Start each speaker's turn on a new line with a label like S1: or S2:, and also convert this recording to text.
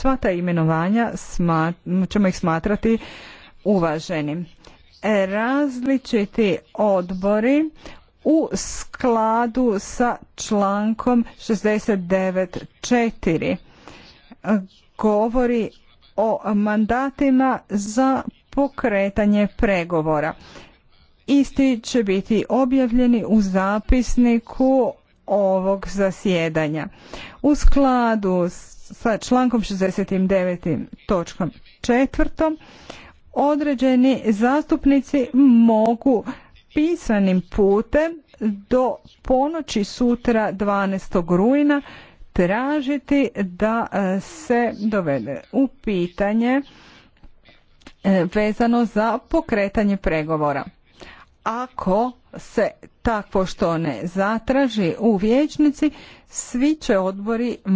S1: sva ta imenovanja smat, ćemo ih smatrati uvaženim. E, različiti odbori u skladu sa člankom 69.4 govori o mandatima za pokretanje pregovora. Isti će biti objavljeni u zapisniku ovog zasjedanja. U skladu s sa člankom 69. točkom četvrtom određeni zastupnici mogu pisanim putem do ponoći sutra 12. rujna tražiti da e, se dovede u pitanje e, vezano za pokretanje pregovora. Ako se takvo što ne zatraži u vijećnici, svi će odbori